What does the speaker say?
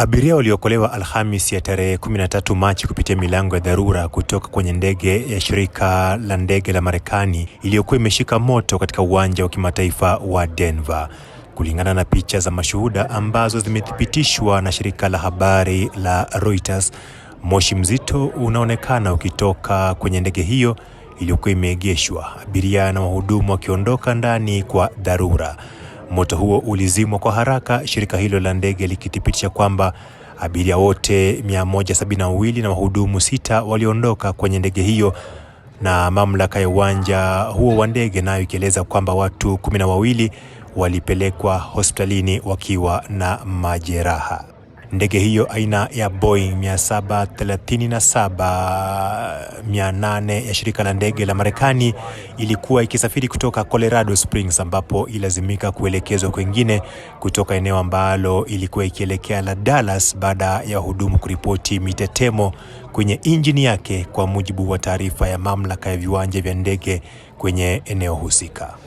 Abiria waliokolewa Alhamis ya tarehe 13 Machi kupitia milango ya dharura kutoka kwenye ndege ya shirika la ndege la Marekani iliyokuwa imeshika moto katika uwanja wa kimataifa wa Denver. Kulingana na picha za mashuhuda ambazo zimethibitishwa na shirika la habari la Reuters, moshi mzito unaonekana ukitoka kwenye ndege hiyo iliyokuwa imeegeshwa, abiria na wahudumu wakiondoka ndani kwa dharura. Moto huo ulizimwa kwa haraka, shirika hilo la ndege likithibitisha kwamba abiria wote 172 na wahudumu sita waliondoka kwenye ndege hiyo, na mamlaka ya uwanja huo wa ndege nayo ikieleza kwamba watu kumi na wawili walipelekwa hospitalini wakiwa na majeraha. Ndege hiyo aina ya Boeing 737-800 ya shirika la ndege la Marekani ilikuwa ikisafiri kutoka Colorado Springs ambapo ilazimika kuelekezwa kwengine kutoka eneo ambalo ilikuwa ikielekea la Dallas baada ya wahudumu kuripoti mitetemo kwenye injini yake kwa mujibu wa taarifa ya mamlaka ya viwanja vya ndege kwenye eneo husika.